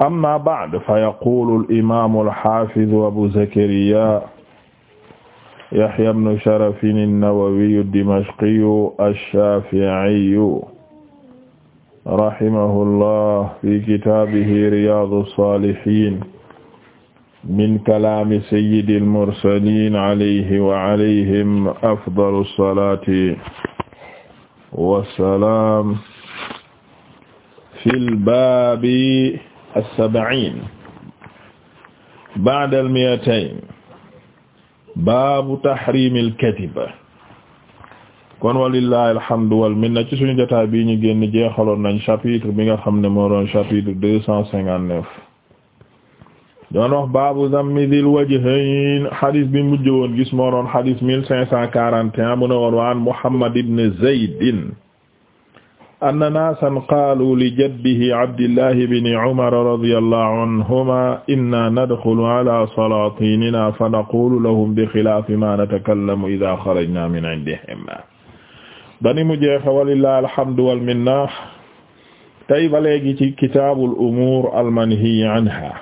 amma ba'd fa yaqulu al-imaamu al-haafizu abu zakariyaa yahyaa ibnu sharafin an-nawawiyyu ad-dimashqiyyu ash-shaafi'iyyu rahimahullah fi kitaabihi riyaadu saalihiin min kalaami sayyidil mursaliin alayhi wa alayhim afdalu salaati wa salaam fil baabi as-sab'iin ba'da al-mi'atayn baabu tahriimil kadib kon walillahi alhamdu wal minna ci suñu jotaay bii ñu génn jeexaloon nañ chapitre bi nga xam ne moo doon chapitre deux cent cinquante neuf doon wax baabu zammi dhil wajhayn xadis bi mujj woon gis moo doon xadis mille cinq cent quarante et un mu Muhammad ibn Zaydin anna naasan qaalu li jaddihi abdillahi bni umara radiyallahu anhuma inna nadxulu ala salaatinina fa naqulu lahum bi xilaafi ma natakallamu idaa xarajna min indihim bani mu jeexe walillahi alhamdu wal minna tey ba léegi ci kitaabul umuur almanhiyi anha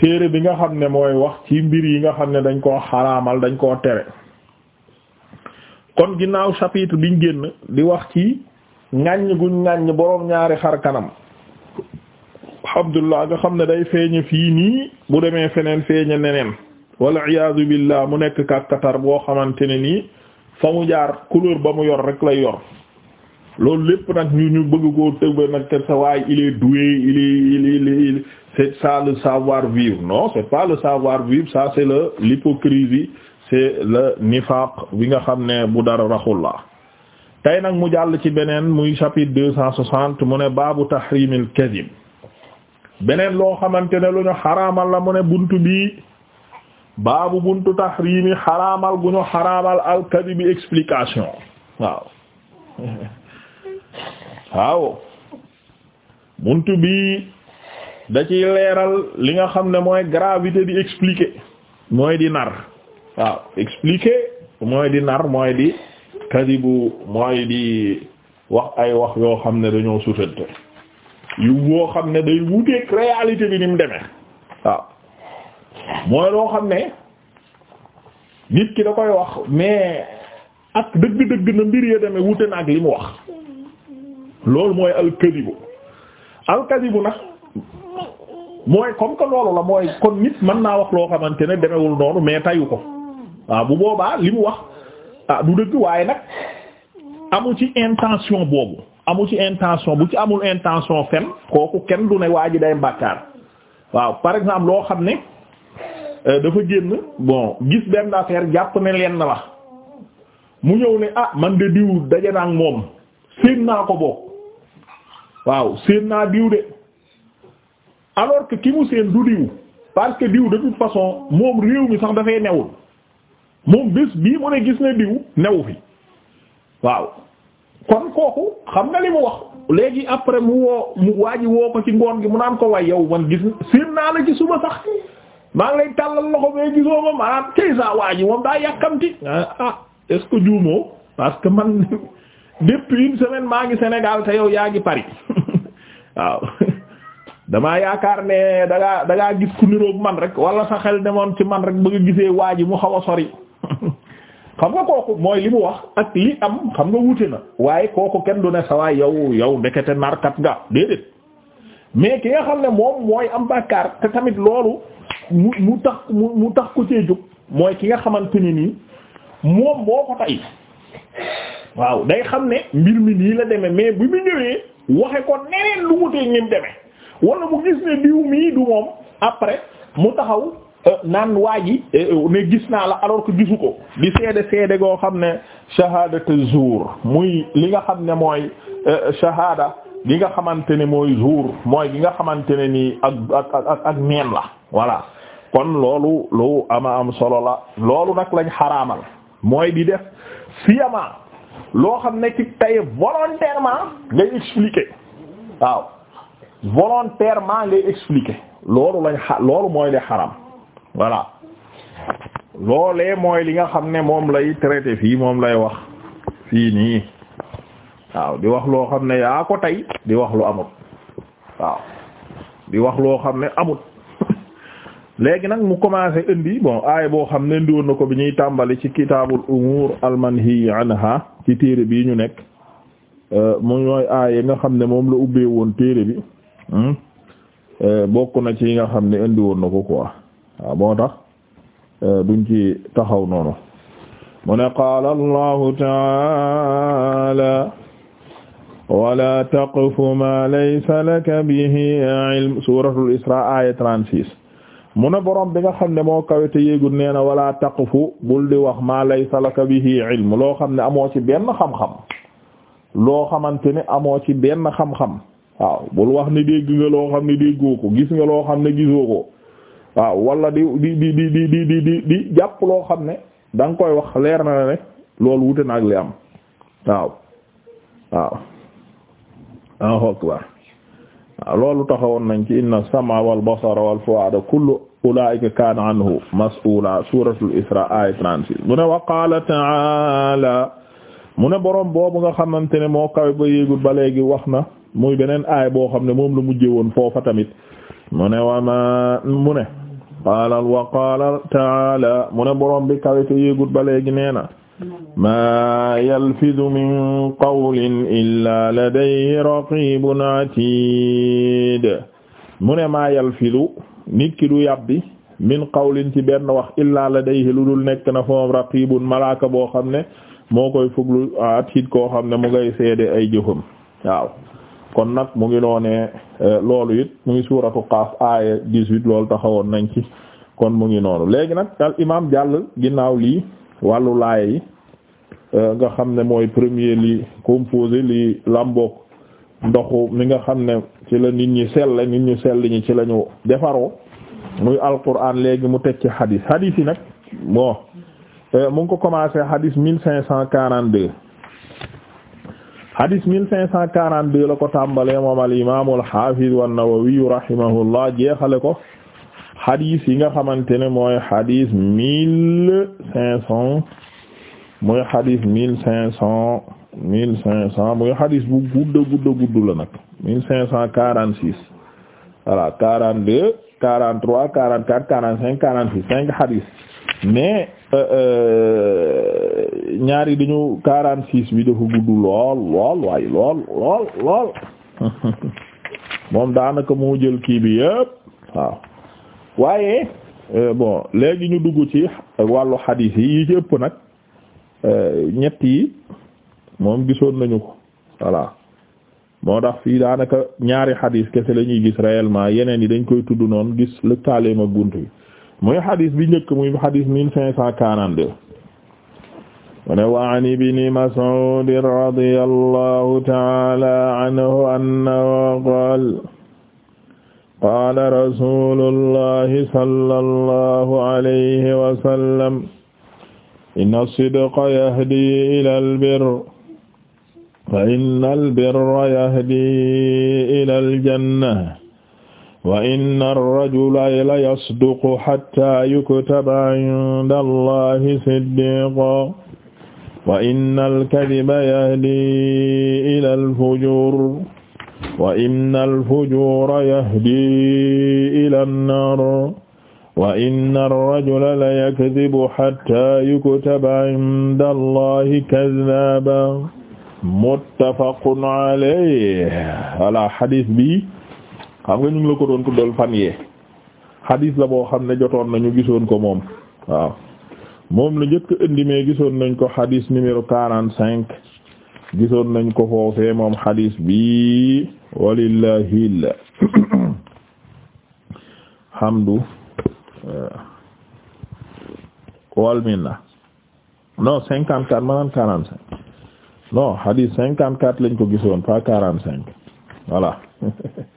téere bi nga xam ne mooy wax ci mbir yi nga xam ne dañ koo xaraamal dañ koo tere kon ginnaaw chapitre biñ génn di wax ci ŋàññ guñ ŋàññ boroom ñaari xar kanam alhamdulillah nga xam ne day feeñe fii nii bu demee feneen feeñe neneen wal iyaadu billah mu nekk kàkkatar boo xamante ne nii fa mu jaar couleur ba mu yor rek lay yor loolu lépp nag ñu ñu bëgg koo tëgg nag te sa waaye il est doué il est il est il c'est ça le savoir vivre non c'est pas le savoir vivre ça c'est le l'hypocrisie c'est le nifaq bi nga xam ne bu dara raxul tey nag mu jàll ci beneen muy chapitre deux cent soixante mu ne baabu tahrimil kadhib beneen loo xamante ne lu ñu xaraamal la mu ne buntu bii baabu buntu tahrimi xaraamal gu ñu xaraamal al kadhib bi explication waaw waaw buntu bii da leeral li nga xam ne mooy gravité di expliquer mooy di nar waaw expliquer mooy di nar mooy di kadibu mooy di wax ay wax yoo xam ne dañoo sutante yu woo xam ne day wuteek réalité bi ni mu demee waaw mooy loo xam ne nit ki da koy wax mais ak dëgg-dëgg na mbir ya demee wute na li mu wax loolu mooy alkadibu alkadibu nag mooy comme que loolu la mooy kon nit mën naa wax loo xamante ne demewul noonu mais tayu ko waaw bu boobaa li mu wax ah du dëgg waaye nag amu ci intention boobu amu ci intention bu ci amul intention fen kooku kenn du ne waa ji day mbàkkaar waaw par exemple loo xam ne euh, dafa génn bon gis benn affaire jàpp ne leen na la mu ñëw ne ah man de diw daje naa moom séen naa ko bokk waaw séen naa diw de alors que ki mu séen du diw parce que diw de toute façon moom réew mi sax dafay newul moom bés bii mu ne gis ne diw newu fi waaw kon kooku xam nga li mu wax léegi après mu woo mu waa ji woo ko ci ngoon gi mu naan ko way yow man gis seen naa la ci suba sax maa ngi lay tàllal loxo bee gisoo ma maanaam tey saa waa moom daa yàkkamti ah, ah est que juumoo parce que man depuis une semaine maa ngi Sénégal te yow yaa ngi Paris waaw damaa yaakaar ne da ngaa da ngaa gis ku niroog man rek wala sa xel demoon ci man rek ba nga gisee waa ji mu xaw a sori. xam nga kooku mooy li mu wax ak li am xam nga wuute na waaye kooku kenn du ne sawaay yow yow ndekete narkat nga déedéet mais ki nga xam ne moom mooy am bàkkaar te tamit loolu mu mu tax mu tax ko cee jóg mooy ki nga xamante ni nii moom boo ko tay waaw day xam ne mbir mi nii la demee mais bi mu ñëwee waxe ko neneen lu mu tee ñim demee mu gis ne diw mii du moom après mu taxaw naan waa ji eh, eh, ne gis naa la alors que gisu ko di seede seede goo xam ne shahadatu zuur muy li nga xam ne mooy eh, shahada gi nga xamante ne mooy zuur mooy gi nga xamante ne nii ak neen la voilà kon loolu lu ama am solo la loolu nag lañ xaraamal mooy di def siyama loo xam ne ci tay volontairement ngay expliquer waaw volontairement ngay expliquer loolu lañ mooy le xaram voilà loolee mooy li nga xam ne moom lay traité fii moom lay wax fii nii waaw di wax loo xam ne yaa ko tey di wax lu amut waaw di wax loo xam ne amut léegi nag mu commencé indi bon aaya boo xam ne indi woon na ko bi ñuy tàmbali ci kitaabul umur almanhi anha ci téere bii ñu nekk euh, mu ñooy aaya nga xam ne moom la ubbee woon téere bi hmm? euh, bokk na ci nga xam ne indi woon na ko quoi waaw moo tax euh, duñ ci taxaw noonu mu ne qaala allahu taala wala taqfu ma laysa laka bihi ilm suratul isra aya trente mu ne borom bi nga xam ne moo kawete yéegul nee na wala taqfu bul di wax ma laysa laka bihi ilm loo xam ne amoo ci benn xam-xam loo xamante ne amoo ci benn xam-xam waaw bul wax ne dégg nga loo xam ne déggoo ko gis nga loo xam ne gisoo ko waaw walla di di di di di di di di di jàpp loo xam ne da nga koy wax leer na ne loolu wute na li am waaw waaw waaw loolu taxawoon nañ ci inna sama wal basara wal fuada kullu ulaika kana anhu mas'ula suratul isra aya mu ne wa qala mu ne boroom boobu nga xamante ne moo kawe ba yéegul ba léegi wax na muy beneen aay boo xam ne moom la mujjee woon foofa tamit mu ne wa mu ne wala wa qaala mu ne borom bi kawite yéegut ba léegi nee na maa yalfidu min qawlin illaa ladayhi raqibun atid mu ne maa yalfidu nit ki du yàbbi min qawlin ci benn wax illaa ladayhi lu dul nekk na foom raqibun malaaka boo xam ne moo koy fuglu atid koo xam ne mu ngay seede ay jëfam waaw kon nag mu ngi noonee eh, loolu it mu ngi suuratu Qaaf aaya 18 loolu taxawoon nañ ci kon mu ngi noonu léegi nag al imaam jàll ginnaaw lii wàllu laaya yi eh, nga xam ne mooy premier li composé li làmbook ndoxu mi nga xam ne ci la nit ñi sell nit ñu sell ñi ci la ñu defaroo muy alquran léegi mu teg ci hadis hadis yi nag moo eh, mu ngi ko commencé hadis 1542. hadis 1542 la ko tàmbalee moom al imaam al haafiz an-Nawawi rahimahullah jeexale ko hadis yi nga xamante ne mooy hadis 1500 mooy hadis 1500 1500 mooy hadis bu gudda gudda guddu la nag 1546 voilà 42 43 44 45 46 5 hadis mais Euh, euh, ñaari dañu quarante six bi dafa gudd lool lool waaye lool lool lool moom daanaka moo jël kii bi yëpp waaw waaye euh, bon léegi ñu dugg ci wàllu xadiis yi yi ëpp nag ñett yi moom gisoon nañu ko voilà moo tax fii daanaka ñaari xadiis kese la ñuy gis réellement yeneen yi dañ koy tudd noonu gis lëkkaaleem ak bunt bi muy xadis bi njëkk muy xadis mille cinq cent quarante-deux mu ne wa an ibni Mas'ud radiyallahu ta'ala anhu annahu qaala qaala rasuulullahi sallallahu alayhi wa sallam inna as-sidqa yahdi ilal birri wa inna al-birra yahdi ilal jannah wa inna ar-rajula la yasduqu hatta yuktaba inda Allahi siddiqan wa inna al-kadhiba yahdi ila al-fujur wa inna al-fujura yahdi ila an-nar wa inna ar-rajula la yakdhibu hatta yuktaba inda Allahi kadhaban muttafaqun alayhi ala hadith bi xam nga ñu ngi la ko doon tuddal fan yee xadiis la boo xam ne jotoon nañu gisoon ko moom waaw moom la njëkk indi mais gisoon nañ ko xadiis numéro quarante cinq gisoon nañ ko foofee moom xadiis bi walillahil hamdu uh, wal minna non cinquante quatre maanaam quarante cinq non xadiis cinquante quatre lañ ko gisoon pas quarante cinq voilà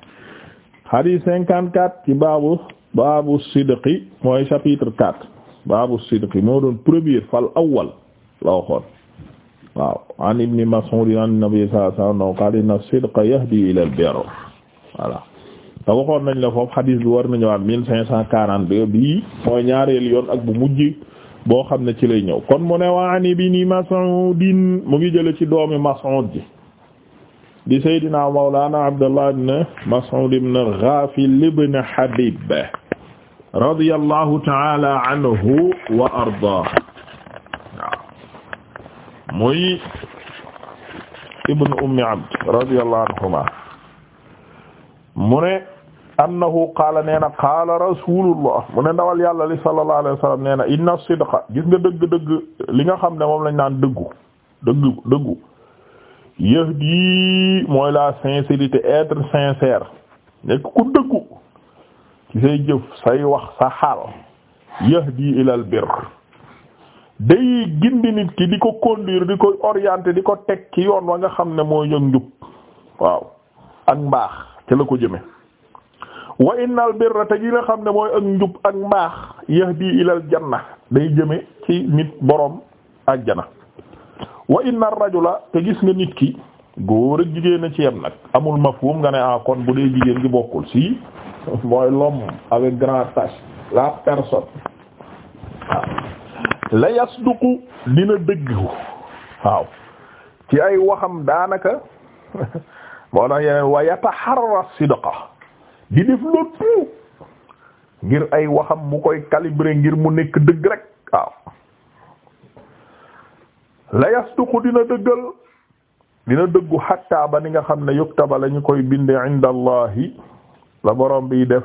hadith cinquante quatre ci baabu baabu sidqi mooy chapitre quatre baabu sidqi moo doon premier fal awwal la waxoon waaw an ibni Mas'ud an nabi sallallahu alayhi wa sallam qala inna sidqa yahdi ila al-birr voilà te waxoon nañ la foofu hadith bi war na ñëwaat mille cinq cent quarante deux bii mooy ñaareel yoon ak bu mujj boo xam ne ci lay ñëw kon mu ne wa an ibni Mas'ud mu ngi jële ci doomi Mas'ud ji di Seydina Mawlana Abdullah ibn Mas'ud ibn Ghafil ibn Habib radiyallahu ta'ala anhu wa ardaah muy ibn Ummi Abd radiyallahu anhuma mu ne annahu qaala nee na qaala rasulullah mu ne ndawal yàlla li sallallahu alayhi wa sallam nee na inna sidqa gis nga dëgg-dëgg li nga xam ne moom lañ naan dëggu dëggu dëggu yahdi mooy la sincérité être sincère nekk ku dëggu ci say jëf say wax sa xaal yahdi ilal birr day gindi nit ki di ko conduire di koy orienter di ko teg ci yoon wa nga xam ne mooy yëg njub waaw ak mbaax ci la ko jëme wa innal birra te gi nga xam ne mooy ak njub ak mbaax yahdi ilal janna day jëme ci nit boroom àjjana wa inna ar-rajula te gis nga nit ki góor ak jigéen a ci yem nag amul mafhum nga ne ah kon bu dee jigéen gi bokkul si mooy l'homme avec grand H la personne waaw la yasduqu dina dëggu waaw ci ay waxam daanaka moo tax yeneen wa yataharra sidqa di def loolu ngir ay waxam mu koy calibrer ngir mu nekk dëgg rek waaw la yastuqu dina dëggal dina dëggu hatta ba ni nga xam ne yuktaba la ñu koy binde inda allahi la borom bi def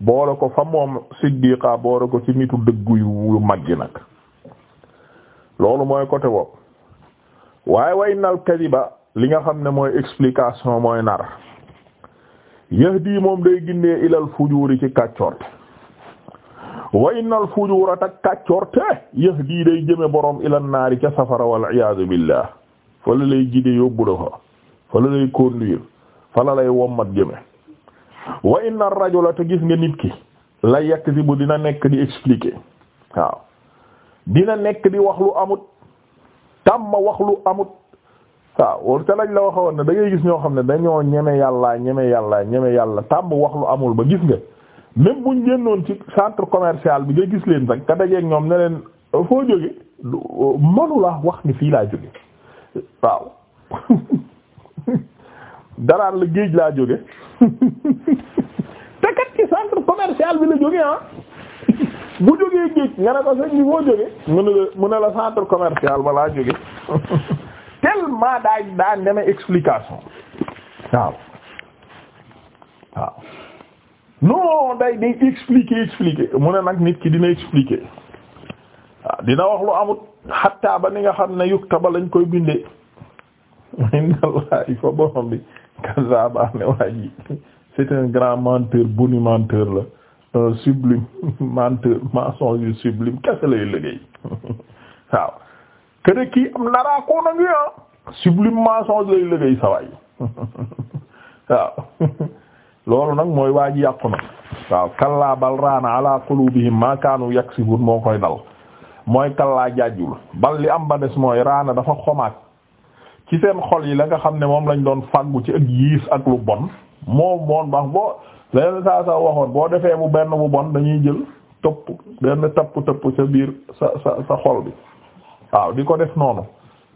boole ko fa moom siddiqa boole ko ci nitu dëggu yu mag yi nag loolu mooy côté bopp waaye wa innal kadiba li nga xam ne mooy explication mooy nar di moom day gindee ilal fujuri ci kàccoor wa innal fujuura tak kàccoor te yahdi day jëme borom ila naari ca safara wal iyaadu billah fa la lay gide yóbbu da fa la lay conduire fa la lay wommat jëme wa innal rajula te gis nga nit ki la yakzibu dina nekk di expliquer waaw dina nekk di wax lu amut tàmma wax lu amut waaw te lañ la waxoon ne da ngay gis ñoo xam ne dañoo ñeme yàlla ñeme yàlla ñeme yàlla tàmm wax lu amul ba gis nga même buñ génnoon ci centre commercial bi nga gis leen sax ka dajeeg ñoom ne leen euh, foo jóge euh, mënu la wax ni fii laa jóge waaw daraan la géej laa jóge te kat ci centre commercial bi la jóge ah bu jógee géej nga ne ko sëñ bi foo jóge mu ne la mu ne la centre commercial ba laa jóge tellement daa daa demee explication waaw waaw non day day expliquer expliquer mu ne nag nit ki dina expliquer waaw ah, dina wax lu amut xatta ba ni nga xam ne yuktaba lañ koy bindee inna allahi fa borom bi kazaba ne waa ji c'est un grand menteur bonimenteur la un sublime menteur mensonge yu sublime kese lay liggéey waaw kene kii am naraa koo na ngi ah sublime mensonge lay liggéey sawaay loolu nag mooy waa ji yàqu na waaw kallaa bal raana ala qulubihim ma kaanu yaksibun moo koy dal mooy kallaa jàjjul bal li am ba des mooy raana dafa xomaat ci seen xol yi la nga xam ne moom lañ doon fàggu ci ak yiis ak lu bon moom moon bax boo leen saa sa waxoon boo defee bu benn bu bon dañuy jël topp benn tëpp tëpp sa biir sa sa sa xol bi waaw di ko def noonu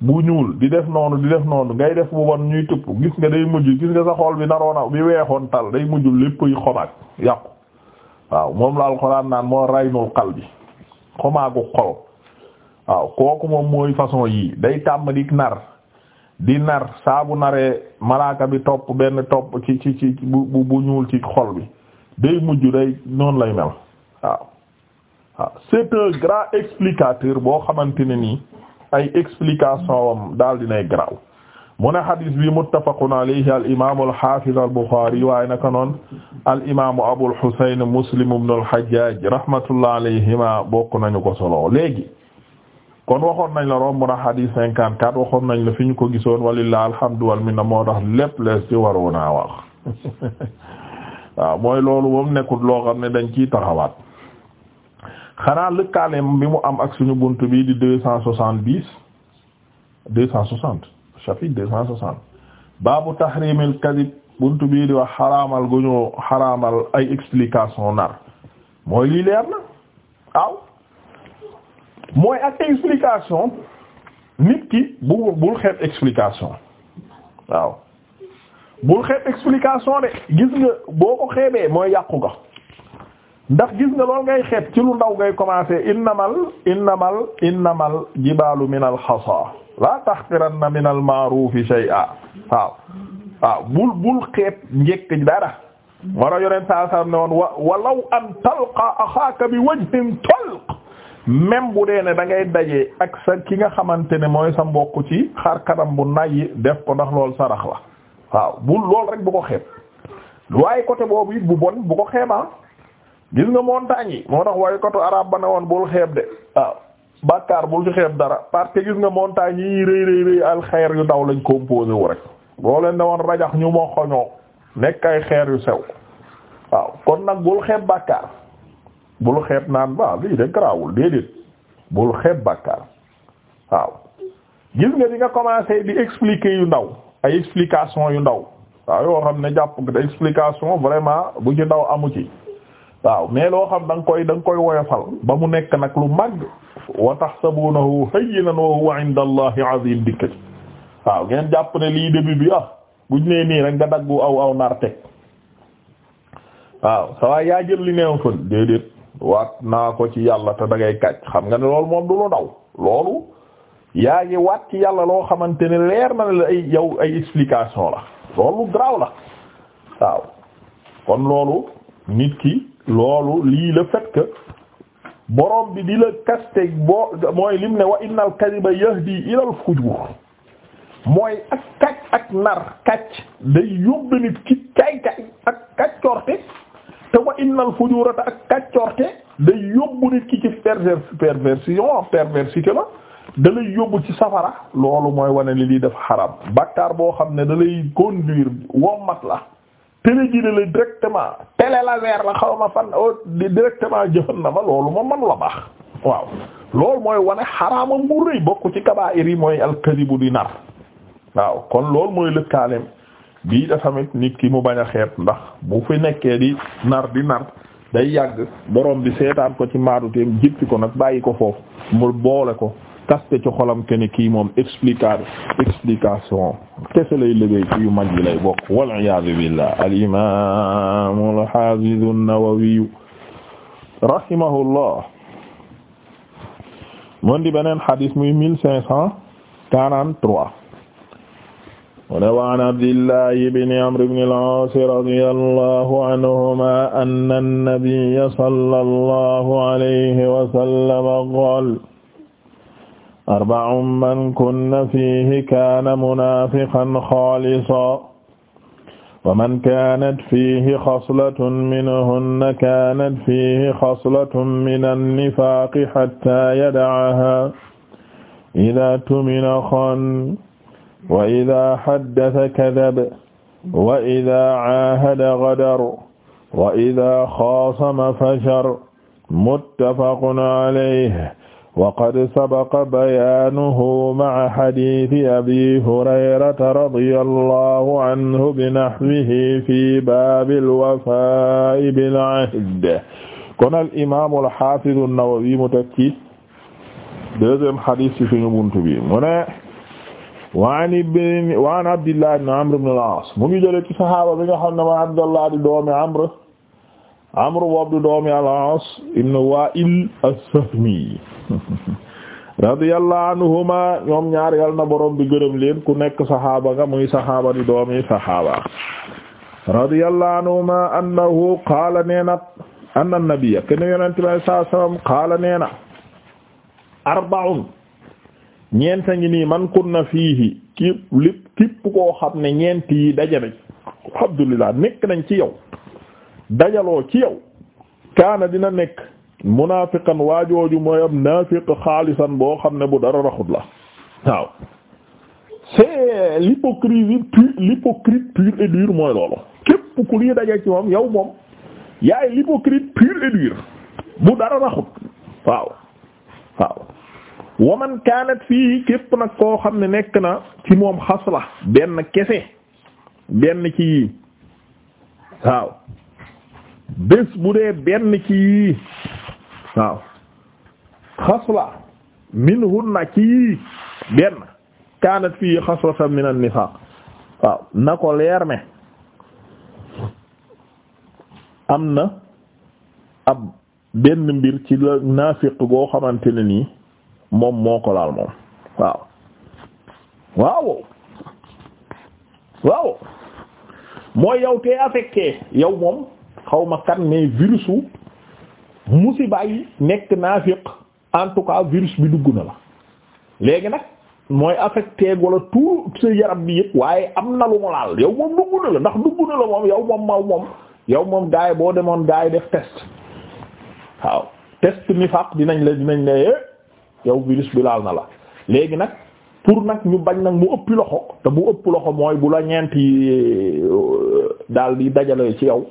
bu ñuul di def noonu di def noonu ngay def bu bon ñuy tëpp gis nga day mujj gis nga sa xol bi naroona bi weexoon tal day mujj lépp yi xomaag yàqu waaw moom la alxuraan naan moo raynul xal bi xomaagu xol waaw kooku moom mooy façon yii day tàmm di nar di nar saabu naree malaaka bi topp benn topp ci ci ci bu bu ñuul ci xol bi day mujj day noonu lay mel waaw waaw c'est un grand explicateur boo xamante ne nii ay explication daal di graw mu ne xadis bi muttafaqun alayhi al imaamu al xaafiz al buxaari waaye na noonu al imaamu abul xusayn muslim ibn al xajjaaj rahmatullah alayhima bokk nañu ko solo léegi. kon waxoon nañ la romb na xadis cinquante quatre waxoon nañ la fi ñu ko gisoon walillah alhamdu wal minna moo tax lépp lees ci waroon naa wax mooy loolu moom nekkul loo xam ne dañ ciy taxawaat. xanaa lëkkaaleem bi mu am ak suñu bunt bii di deux cent soixante dix deux cent soixante chapitre deux cent soixante baabu tahrimil kadib bunt bii di wax xaraamal gu ñu xaraamal ay explication nar mooy lii leer na waaw mooy ak explication nit ki bu bul xeet explication waaw bul xeet explication de gis nga boo ko xeebee mooy yàqu ga ndax gis nga lool ngay xeet ci lu ndaw ngay commencé innamal innamal innamal jibaalu min al xasa la tahqiranna min al ma'ruf shay'a waaw waaw bul bul xeet njekk dara war a yoneen saa ne woon wa walaw an talqa axaaka bi wajhin talq même bu dee ne da ngay dajee ak sa ki nga xamante ne mooy sa mbokk ci xar kanam bu nay def ko ndax lool sarax la waaw bul lool rek bu ko xeet waaye côté boobu it bu bon bu ko xeema ah. gis nga montagne yi moo tax waykatu arab ba ne woon bul xeeb de waaw bàkkaar bul ci xeeb dara parce que gis nga montagne yi rëy rëy rëy al yu ndaw lañ composé wu rek boo leen ne woon rajax ñu moo xoñoo nekk ay xeer yu sew waaw kon nag bul xeeb bàkkaar bul xeeb naan ba lii de garaawul déedéet bul xeeb bàkkaar waaw gis nga di nga commencé di expliquer yu ndaw ay explication yu ndaw waaw yoo xam ne jàpp da explication vraiment bu ci ndaw amu ci waaw mais loo xam danga koy da koy woyofal ba mu nekk nag lu màgg wa tahsabunahu hayyinan wa huwa inda allahi azim waaw ngeen jàpp ne bi ah buñ nii rek nga daggu aw yaa jël li neew fën déedéet waat naa ko ci yàlla te da kàcc xam nga ne loolu moom du lu daw loolu yaa ngi waat ci yàlla loo xamante ne leer na la ay yow ay explication la loolu graw la waaw kon loolu nit ki loolu lii la fait que borom bi di la kaste boo mooy lim ne wa innal kadhiba yahdi ila al fujur mooy ak kàcc ak nar kàcc day yóbbu nit ci kay kay ak kàccorte te wa innal fujurata ak kàccorte day yóbbu nit ki ci perver perversion perversité la dalay lay yóbbu ci safara loolu mooy wane li def xaram bàkkaar boo xam ne da lay conduire wommat la téléguidé la directement télé la weer la xaw ma fan directement jahannama loolu moom manu baax waaw lool mooy wane xaraamam bu rëy bokk ci kabaa'ir yi mooy alkadibu di nar waaw kon loolu mooy lëkkaaleem bii da tamit nit ki mu bañ a xeet ndax mu fi nekkee di nar di nar day yàgg borom bi seetaan ko ci maadu teem jippi ko nag bàyyi ko foofu mu boole ko kaste ci xolam ke ne kii moom expliquer explication kese lay légéey ci yu mag yi lay bokk waliyasu billah alimamu alhafidu an-Nawawi rahimahullah mon di beneen xadis muy mille cinq cent quarante-trois mu ne waan abdillahi ibni amr ibn al-aas radiyallahu anhuma anna an-nabiyya sallallahu alayhi wa sallam qaala arba'un man kunna fiihi kaana munaafiqan xaalisan wa man kaanat fiihi xaslatun minhunna kaanat fiihi xaslatun mina nifaaqi hattaa yada'ahaa idaa tumina xaana wa idaa haddasa kadaba wa idaa caahada gadara wa idaa xaasama fajara muttafaqun alayhi waqad sabaqa bayaanuhu ma'a hadiisi abi hurayrata radiyallahu anhu binaxwihi fi baabil wafaa'i bil ahd kon al imaamu al xaafidu an-Nawawi mu teg ci deuxième xadis ci suñu buntu bi mu ne wa an Abdillah ibn Amr ibn al-Aas mu ngi jëlee ci saxaaba bi nga xam ne ma Abdallah di doomi Amr Amru wabdu doomi al-As ibn Wa'il as-Sahmi radiyallahu anhuma ñoom ñaar yal na borom bi gërëm leen ku nekk saxaaba nga muy saxaaba di doomi saxaaba radiyallahu anhuma annahu qaala neena anna nabiyya ken yonent bi sallallahu alayhi wasallam qaala neena arba'un ñeenta ngi nii man kunna fiihi képp lépp képp koo xam ne ñeent yi daje nañ alhamdulillah nekk nañ ci yow dajaloo ci yow kaana dina nekk munaafiqan waajooju mooy am naafiq xaalisan boo xam ne bu dara raxut la waaw c'est l'hypocrisie pure l'hypocrite pure et mooy loolu képp ku lii dajee ci moom yow moom yaay l'hypocrite pure et bu dara raxut waaw waaw waman kaanat fii képp nag koo xam ne nekk na ci moom xas la benn kese benn ci waaw bés bu dee benn ci yii waaw xasla minhunna ci yii benn kaanat fii xaslatan min an-nifaaq waaw na ko leer ne am na ab benn mbir ci la naafiq goo xamante ne nii moom moo ko laal moom waaw waaw waaw mooy yow te affecté yow moom xaw ma kan mais virus mu musiba bàyyi nekk naafiq en tout cas virus bi dugg na la léegi nag mooy affecté wala tout sa yaram bi yëpp waaye am na lu mu laal yow moom dugg na la ndax dugg na la moom yow moom maw moom yow moom gaay boo demoon gaay def test waaw test nifaq dinañ la dinañ la eh, yow virus bi laal na la léegi nag pour nag ñu bañ nag mu ëpp loxo te mu ëpp loxo mooy bu la ñeenti euh, daal di dajale ci yow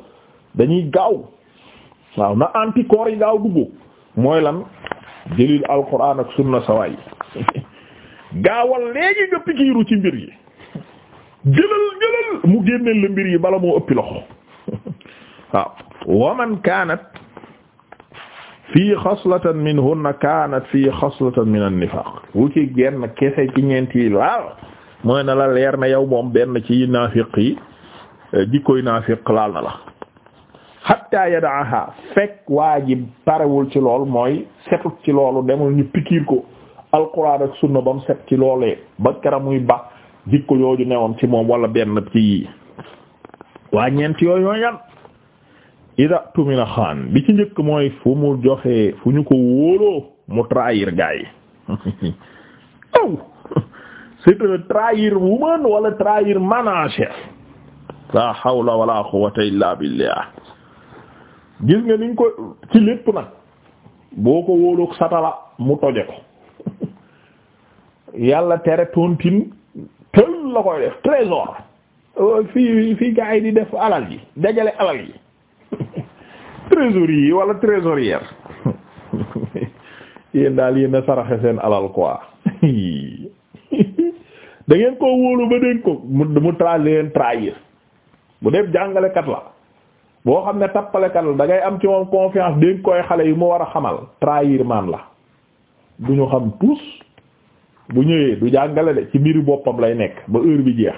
dañuy gaaw waaw na anticorps yi gaaw duggu mooy lan jëlil alquran ak sunna sawaay gaawal léegi nga pikiiru ci mbir yi jëlal jëlal mu génneel la mbir yi bala moo ëppi loxo waaw wa man kaanat fii xaslatan minhunna kaanat fii xaslatan min an-nifaaq wu ci genn kese ci ñeent laal mooy na la leer na yow moom benn ci naafiq yi eh, jikkoy naafiq laal na la hatta yadaaha fekk waa parewul ci lool mooy setut ci loolu demul ñu pikiir ko alquran ak sunna ba set ci loolee ba kera ba jikko yooju newoon ci moom wala benn ci yii waa ñeent yooyu ñoo yan ida tumina xaan bi ci njëkk mooy fu mu joxee fu ñu ko wóoloo mu trahir gaa aw c'est un trahir wala trahir manager la hawla wala quwwata illa billah gis nga niñ ko ci lépp nag boo ko wóoloog satala mu toje ko yàlla tere tontine tël la koy def trésor euh, fii fii gaa yi di def alal yi dajale alal yi trésorier yi wala trésorière yéen daal yéen a saraxe seen alal quoi da ngeen koo wóolu ba dénk ko mu mu tra leen trahir bu def jàngalekat la boo xam ne tappalekat la dangay am ci moom confiance dénk koy xale yi mu war a xamal trahir man la bu ñu xam tous bu ñëwee du jàngale de ci mbiri boppam lay nekk ba heure bi jeex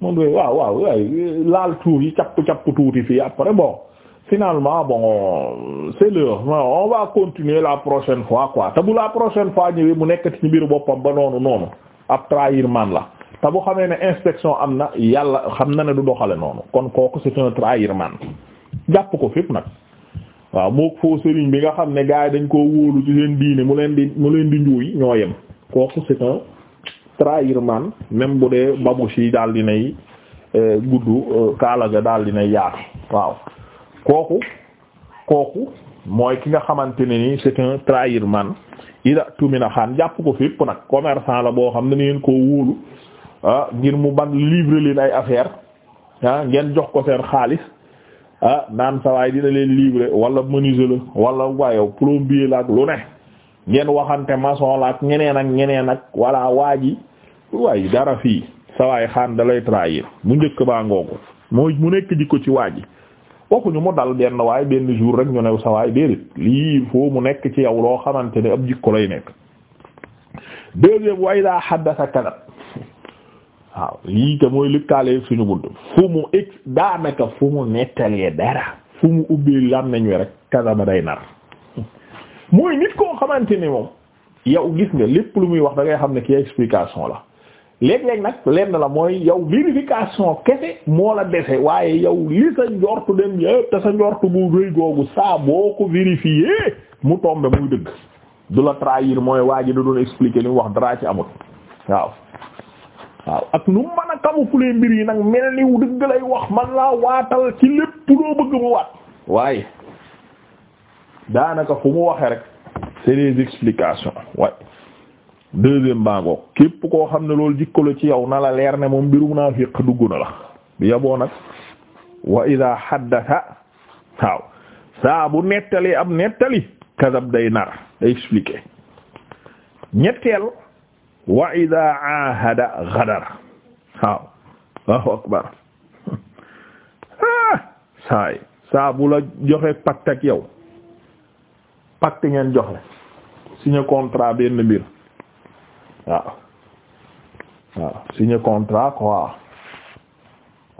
moom doy waaw waay laal tour yi capp capp tuuti fii après bon finalement bon c'est l'heure on va continuer la prochaine fois quoi te bu la prochaine fois ñëwee mu nekk ci mbiru boppam ba noonu noonu ab trahir man la te bu xamee ne inspection am na yàlla xam na ne du doxale noonu kon kooku c'est un trahirman jàpp ko fépp nag waaw moo foo sëriñ bi nga xam ne gars dañ koo wóolu ci seen diine mu leen di mu leen di njuuy ñoo yem kooku c'est un trahirman même bu dee babouche si daal di nay euh, gudd euh, kaala ga daal di nay yaatu waaw kooku kooku mooy ki nga xamante ne ni c'est un trahirman ida tumina xaan jàpp ko fépp nag commerçant la boo xam ne ngeen koo wóolu ah ngir mu ban livrer leen ay affaire ah, ngeen jox ko seen xaalis ah naan sawaay dina leen livrer wala menuisier la wala waayow plombier la ak lu ne ngeen waxante maçon la ak ñeneen ak ñeneen ak wala waa ji waay dara fii sawaay xaan da lay trahir mu njëkk baa ngoogu mooy mu nekk jikko ci waa ji waxuñu mu dal benn waay benn jour rek ñu new sawaay déedéet lii foo mu nekk ci yow loo xamante ne ab jikko lay nekk deuxième way daa xaddasa kadab waaw lii ka mooy lëkkaale suñu bunt fu mu ex daanaka fu mu nettalee dara fu mu ubbee lam nañ we rek kadama day nar mooy nit koo xamante ni moom yow gis nga lépp lu muy wax dangay xam ne ki explication la léeg-léeg nag lenn la mooy yow vérification kese moo la dese waaye yow li sa njortu dem yëpp te sa njortu bu rëy googu saa boo ko vérifié mu tombe muy dëgg du la trahir mooy waa ji da doon expliquer li mu wax dara ci amut waaw waaw ak nu mën a camoufler mbir yi nag mel ni dëgg lay wax man laa waatal ci lépp loo bëgg mu waat waaye daanaka fu mu waxee rek c'est des explications waaye deuxième bango képp koo xam ne loolu jikkalo ci yow na leer ne moom mbirum naa fiq duggu na la bi yaboo nag wa ida xaddata waaw saa bu nettali ab nettali kadab day nar day expliquer ñetteel wa idaa aahada waaw waaw akbar ah, saay saa joxe pacte ak yow pacte ngeen joxe signé contrat benn mbir waaw waaw signé contrat quoi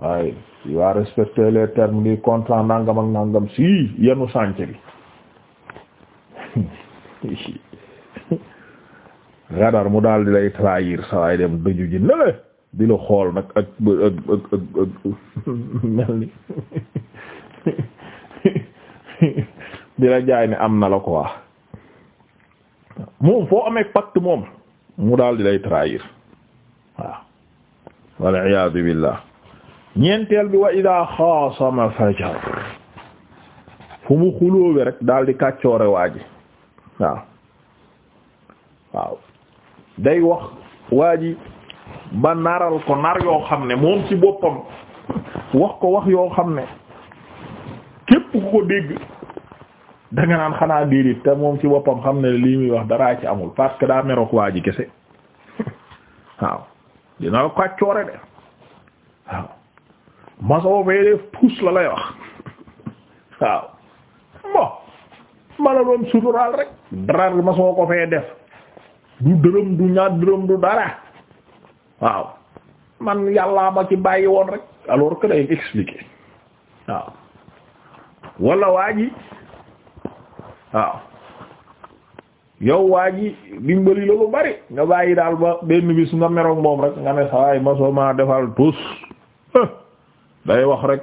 waaye tu vas respecter les termes contrat nangam ak nangam si yenu chantier bi radar mu daal di lay trahir sawaay dem dëju ji nale di la xool nag ak mel ni di la jaay ne am na la ko waa moom foo amee pacte moom mu daal di lay trahir waaw waliyasu billah ñeenteel bi wa ida xaasama fajar fu mu xulóowe rek daal di kàccoore waaji waaw waaw day wax waa ji ba naral ko nar yoo xam ne moom ci boppam wax ko wax yoo xam ne képp ko dégg da naan xanaa déedéet te moom ci boppam xam ne lii muy wax daraa ci amul parce que daa merook waa ji kese waaw dina la kàccoore de waaw masoo fee def puus la lay wax waaw mo ma la doon suturaal rek dara masoo ko fee def du dërëm du ñaar dërëm du dara waaw man yàllaa ma ci bàyyi woon rek alors que lay expliquer waaw wala waa waaw yow waa ji dimbali la lu bari nga bàyyi daal ba benn bis nga meroog moom rek nga ne sawaay maso ma defal tus day wax rek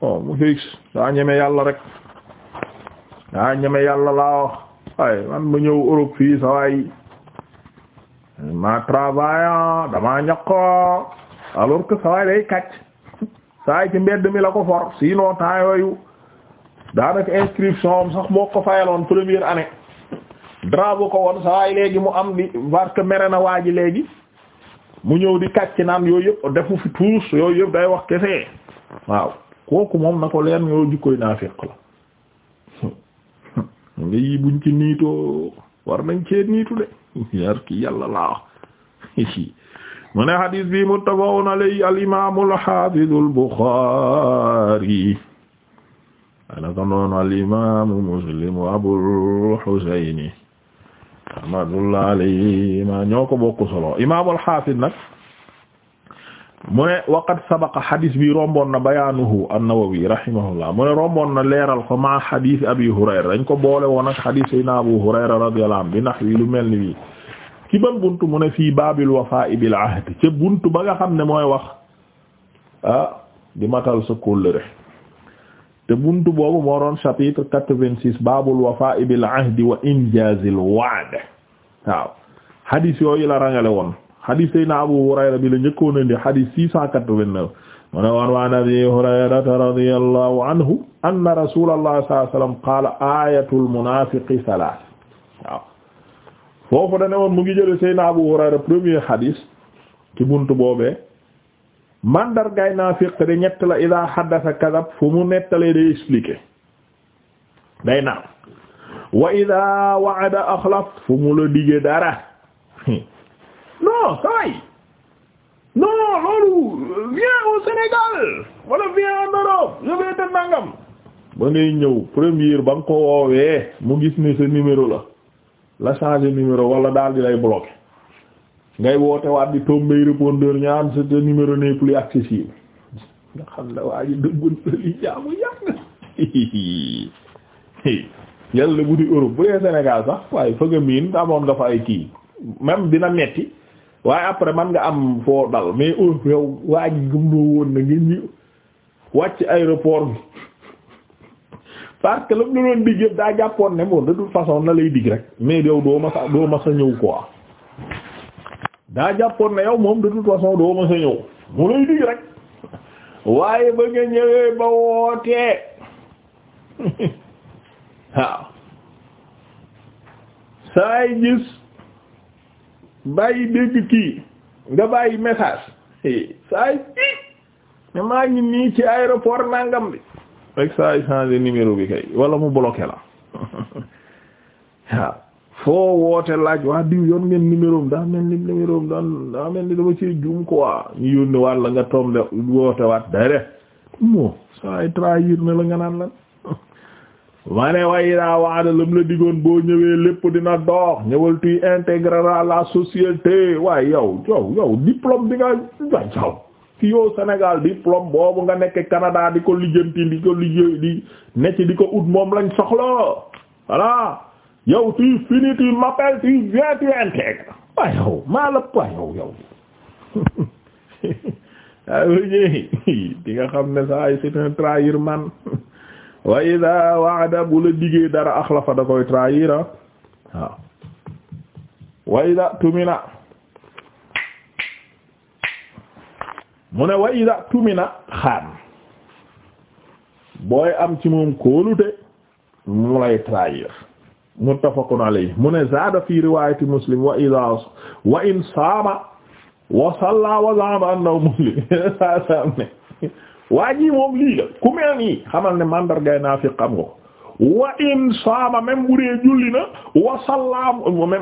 o oh, mu fix daa ñeme yàlla rek daa ñeme yàlla laa wax waaye man ma ñëw Europe fii sawaay ma travaillant dama ñaqoo alors que sawaay day kàcc saa ci mbedd mi la ko for sinon temps yooyu daanaka inscription sax moo ko fayaloon première année drabu ko woon sawaay léegi mu am di parce que mere na waa ji léegi mu ñëw di kàcc naan yooyu yëpp defu fi tuus yooyu yëpp day wax kese waaw kooku moom na ko leer ñoo jikkoy naafiq la nga yi buñ ci niitoo war nañ cee niitu de yar ki yàlla laa wax mu ne xadis bi muttafaqun alayhi al imam al hafiz al bukhari anaka noonu al imam muslim wa abul husayn rahmatullah alayhi ma ñoo ko bokk solo imam al hafiz nag mu ne waqad sabaqa xadis bi romboon na bayaanuhu an-Nawawi rahimahullah na leeral ko ma xadis Abi Hurayra dañ ko boole woon ak xadis Seydina Abu Hurayra radiyallahu anhu bi nax wi lu mel ni bii ci ban bunt mu ne fii baabil wafaa'i bil ahd ca bunt ba nga xam ne mooy wax ah di matal sa kóllëre te bunt boobu mooron doon chapitre quatre-vingt-six baabul wafaa'i wa injaazil wa'd waaw xadis yooyu la rangale woon hadis sayna Abu Hurayra bi la njëkkoon indi hadis 689 mu ne woon waan Abi Hurayrata radiyallahu anhu anna rasulallah sallallahu alayhi wasallam qaala ayatul munaafiqi salaas waaw foofu da ne woon mu ngi jële sayna Abu Hurayra premier hadis ci buntu boobee mandargaay naafiq de ñett la idaa haddasa kadab fu mu nettalee day expliquer day naaw wa idaa wa'ada axlaf fu mu la digee dara non saway non loolu viens au Sénégal wala viens en Europe je ñëw première ba nga mu gis ni sa numéro la la changer numéro wala daal di lay bloquer ngay woote waat di tombé répondeur ñaan sa numéro n'est plus accessible nga xam ne waa ji dëggun li jaamu yàq yàlla bu di Europe bu dee Sénégal sax waaye fëgg a miin amoon nga fa kii même dina metti waaye après man nga am foo dal mais au oh, yow waa ji gëm woon na ngeen ñu wàcc aéroport bi parce que la mu doon dig yëpp daa jàppoon ne bon de toute façon na lay dig rek mais yow doo ma sa ñëw quoi jàppoon ne yow moom de toute façon doo ma sa mu lay dig rek waaye ba nga ñëwee ba wootee waaw saay gis bàyyi dégg kii nga bàyyi message saa yi ne maa ngi nii ci aéroport nangam bi rek saa yi changé numéro bi kay wala mu bloqué la waaw foo woote laaj waa diw yoon ngeen numéro am daa mel ni numéro daa mel ni dama ci jum quoi ñu yónni waat la nga tombé woote waat day moo saa yi trahir na la nga naan lan ma ne waaye daa waada lam la digoon boo ñëwee lépp dina dox ñëwal tuy intégrera la société waaye yow yow yow diplôme bi nga way yow fi Sénégal diplôme boobu nga nekk Canada di ko lijjanti di ko liggéey di nekk di ko ut moom lañ soxla voilà yow tuy fini tuy m'appelle tuy viens tuy intègre waa maa la waa yow ah di nga xam ne ça c'est un trahir man wa ida waada bu digee dara axlafa koy trahira ah. wa ida tumina mu ne wa ida tumina xaan booy am ci moom kóolute mu lay trahir mu ne zaada fi riwayati muslim wa ida wa in saama wa salla wa za'ama annahu muslim waa ji moom lii ku mel xamal ne mandargaay naafiq xam nga wa in saama même bu dee wa salla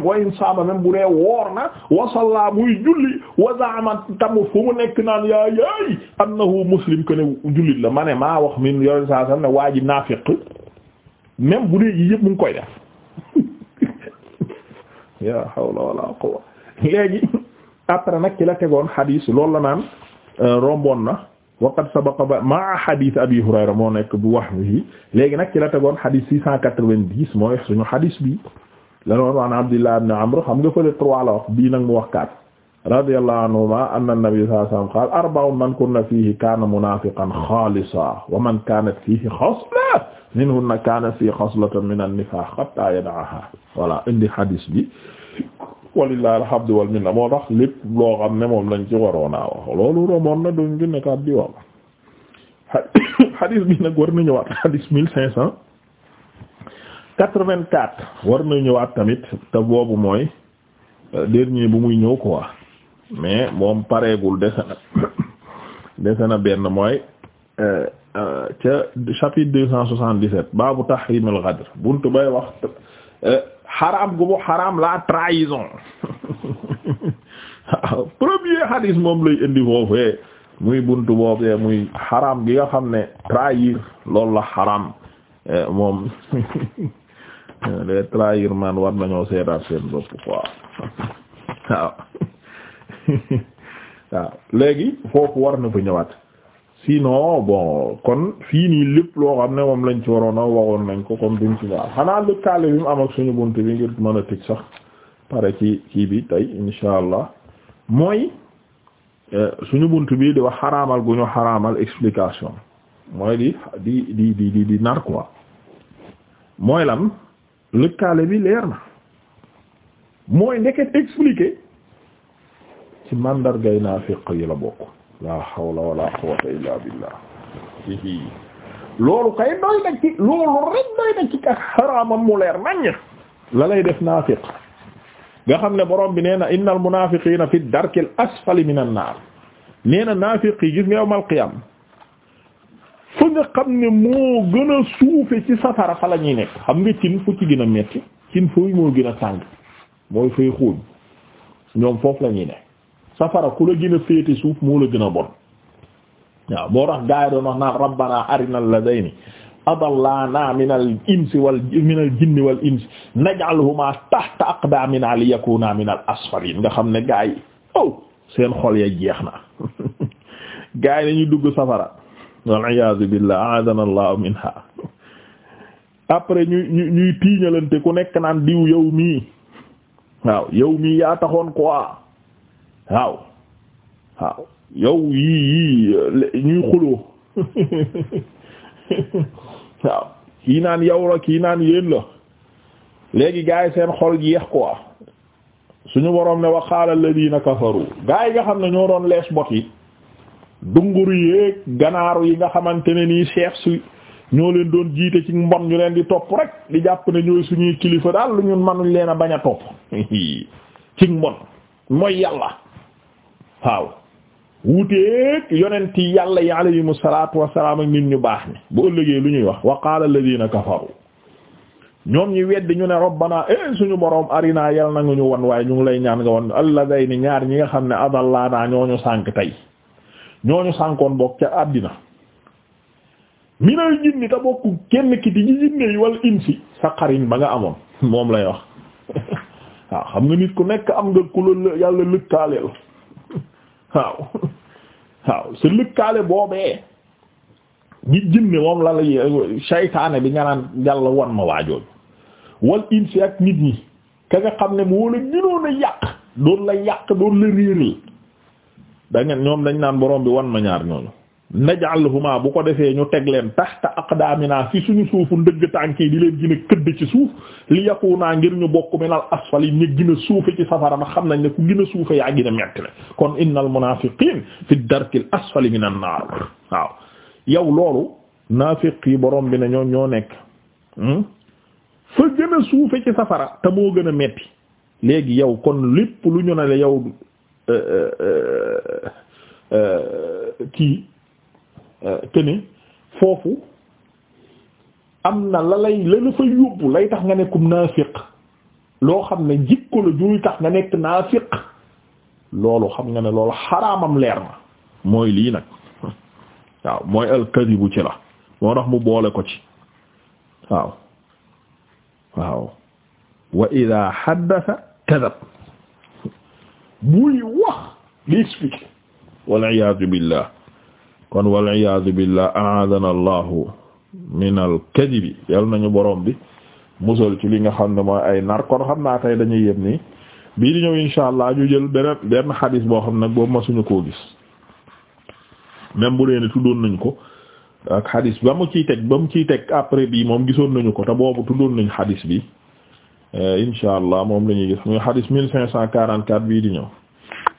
wa in saama même bu dee woor na wa salla muy julli wa zaama tam fu mu nekk naan yaa yaay annahu muslim que jullit la ma maa wax min yore saa ne waa ji naafiq même bu dee yii koy def yaa hawla wala quwwa léegi après nag ci la tegoon xadiis loolu la naan euh, romboon na. waqad sabaqa ba maa hadith abi hurayra moo nekk bu wax bi léegi nag ci la tegoon hadith six cent quatre-vingt-dix mooy suñu hadith bi la doon wax abdillah ibn amr xam nga fële trois la wax bii nag mu wax quatre radiyallahu anhuma anna nabi sallallahu alayhi wasallam qaala arba'un man kunna fihi kaana munaafiqan xaalisan wa man kaanat fihi xasla minhunna kaanat fihi xaslatan min an-nifaaq hattaa yada'ahaa voilà indi hadith bi walillahi alhamdu wal minna moo tax lépp loo xam ne moom lañ ci waroon a wax loolu romoon na doon gën a kàddu di wax hadis bi nag war na ñëwaat hadis mille cinq cent quatre-vingt-quatre war na ñëwaat tamit te boobu mooy euh, dernier bu muy ñëw quoi mais moom pareegul dese na dese na benn mooy euh, euh, ca chapitre deux cent soixante-dix-sept bu tahrim al ghadr buntu bay wax xaraam gu mu xaraam la trahison premier hadis moom lay indi foofee eh, muy buntu boobee eh, muy xaraam gi nga xam ne trahir loolu la xaram eh, moom les trahir man war nañoo seetaat seen bopp waaw waaw léegi foofu war na fa ñëwaat sinon bon kon fii nii lépp loo xam ne moom lañ ci waroon a waxoon nañ ko comme duñ ci jaar xanaa lëkkaale bi mu am ak suñu bunt bi ngir mën a tëj sax pare ci kii bi tey insha allah mooy eh, suñu bunt bi di wax xaraamal gu ñu xaraamal explication mooy di di di di di mooy lan lëkkaale bi leer na mooy ndeket expliquer ci mandargay naafiq yi la bokk la hawla wala quwwata illa billah loolu kay doy na ci loolu rek doy na ci ka xaraamam mu leer naññ la lay def naafiq nga xam ne borom bi nee na innal munaafiqiina fi darkil asfali minan naar nee na yi gis nga yawmal qiyaam fa nga xam ne moo gën a suufe ci safara fa la ñuy nekk xam nga cin fu ci gën a metti cin fooy moo gën a tàng mooy fay xuuñ ñoom foofu la ñuy safara ku la gën a féete suuf moo la gën a bon waaw boo tax gaa yi naan rabbana arinal ladayni adallana min al insi wal min al jinni wal insi naj'alhuma tahta aqdamina li yakuna min al asfalin nga xam ne gaa oh, seen xol ya jeex na gaa yi dañuy dugg safara wal iyaazu billah aadana allah minha après ñuy tiiñalante ku nekk naan diw yow waaw yow yaa taxoon quoi waaw waaw yow yii yii ñuy xuloo waaw kii naan yow la kii naan yéen la léegi gars yi seen xol jeex quoi suñu boroom ne wa qaala alladina kafaru gars yi nga xam ne ñoo doon lees bot yi dunguru yeeg ganaaru yi nga xamante ne nii chef su ñoo leen doon jiite ci mbon ñu leen di topp rek di jàpp ne ñooy suñuy kilifa daal lu ñun mënuñ leen a bañ a topp ci mbon mooy yàlla waaw wuuteeg yonent yàlla yi alayhimu salaatu wassalaam ak nit ñu baax ni bu ëllëgee lu ñuy wax wa la alladhiina kafaru ñoom ñi weddi ñu ne rabbana eh suñu boroom arinaa yal na nga ñu wan waaye ñu ngi lay ñaan nga wan alladhayni ñaar ñi nga xam ne adallaanaa ñooñu sànk tey ñu sànkoon bokk ca àddina minal jinni te bokk kenn kiti ci jinne wal insi sa xarin ba nga amoon moom lay wax waaw xam nga nit ku nekk am nga ku la yàlla lëkkaaleel waaw waaw sa lëkkaale boobee gi jinne moom la la saytaane bi nga naan yàlla wan ma waajooju wal insi ak nit ñi ka xam ne moo la gënoon a yàq doon la yàq doon la réeral da ñoom dañ naan borom bi wan ma ñaar ñooñu naj'alhuma bu ko defee ñu teg leen tahta aqdamina fi suñu suufu ndëgg tànk yi di leen gën këdd ci suuf li yakuna ngir ñu bokk min al asfal yi ñu gën a suufe ci safara ma xam nañ ne ku gën suufe yaa gën a metti kon innal munafiqin fi darkil asfali min an naar waaw yow loolu naafiq yi borom bi ne ñoo nekk hmm? fa gën te moo gën a metti léegi yow kon lépp lu ñu ne la yow euh, euh, euh, kii këne euh, foofu am na la lay la la fa yóbbu lay tax nga nekkum naafiq loo xam ne jikko la juy tax nga nekk naafiq loolu xam nga ne loolu xaraamam leer na mooy lii nag waaw mooy alkadibu ci la moo tax mu boole ko ci waaw waaw wa ida xaddasa kadab buy wax li expliquer wal iyaadu billah kon wal iyaadu billah a'aadana allahu min al kadibi yal nañu borom bi musal ci li nga xam ne mooy ay nar kon xam naa tey dañuy yem nii bii di ñëw insha allah ñu jël beneen benn xadis boo xam nag boobu ma suñu koo gis même bu dee ne tuddoon nañ ko ak xadis ba mu ciy teg ba mu ciy teg après bii moom gisoon nañu ko te boobu tuddoon nañ xadis bi eh, insha allah moom la ñuy gis muy xadis 1544 bii di ñëw